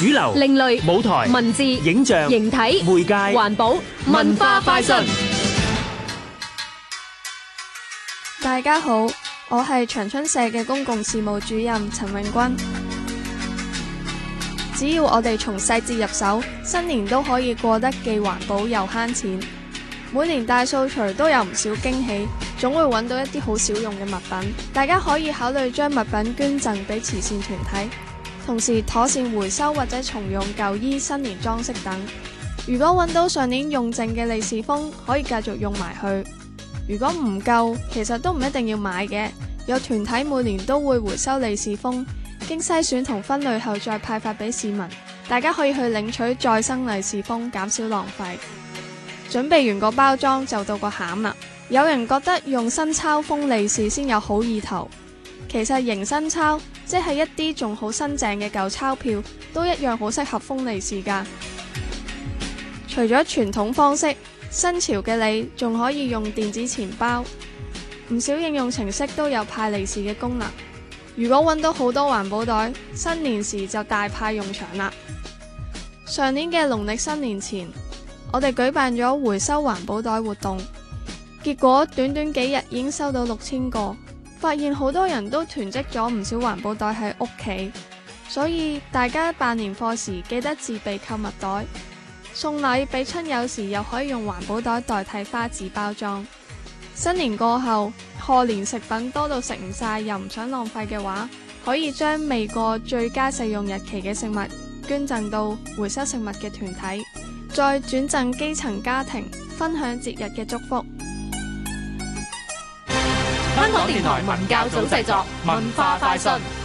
主流、另類舞台、文字、影像、形體、媒介、環保、文化快訊。大家好，我係長春社嘅公共事務主任陳永君。只要我哋從細節入手，新年都可以過得既環保又慳錢。每年大掃除都有唔少驚喜，總會揾到一啲好少用嘅物品，大家可以考慮將物品捐贈畀慈善團體。同時妥善回收或者重用舊衣、新年裝飾等。如果揾到上年用剩嘅利是封，可以繼續用埋去。如果唔夠，其實都唔一定要買嘅。有團體每年都會回收利是封，經篩選同分類後再派發俾市民，大家可以去領取再生利是封，減少浪費。準備完個包裝就到個餡啦。有人覺得用新鈔封利是先有好意頭。其實抄，迎新鈔即係一啲仲好新淨嘅舊鈔票，都一樣好適合封利是㗎。除咗傳統方式，新潮嘅你仲可以用電子錢包，唔少應用程式都有派利是嘅功能。如果揾到好多環保袋，新年時就大派用場啦。上年嘅農曆新年前，我哋舉辦咗回收環保袋活動，結果短短幾日已經收到六千個。發現好多人都囤積咗唔少環保袋喺屋企，所以大家辦年貨時記得自備購物袋。送禮俾親友時又可以用環保袋代替花紙包裝。新年過後，賀年食品多到食唔晒，又唔想浪費嘅話，可以將未過最佳食用日期嘅食物捐贈到回收食物嘅團體，再轉贈基層家庭，分享節日嘅祝福。香港電台，文教，電台文教組製作，文化快訊。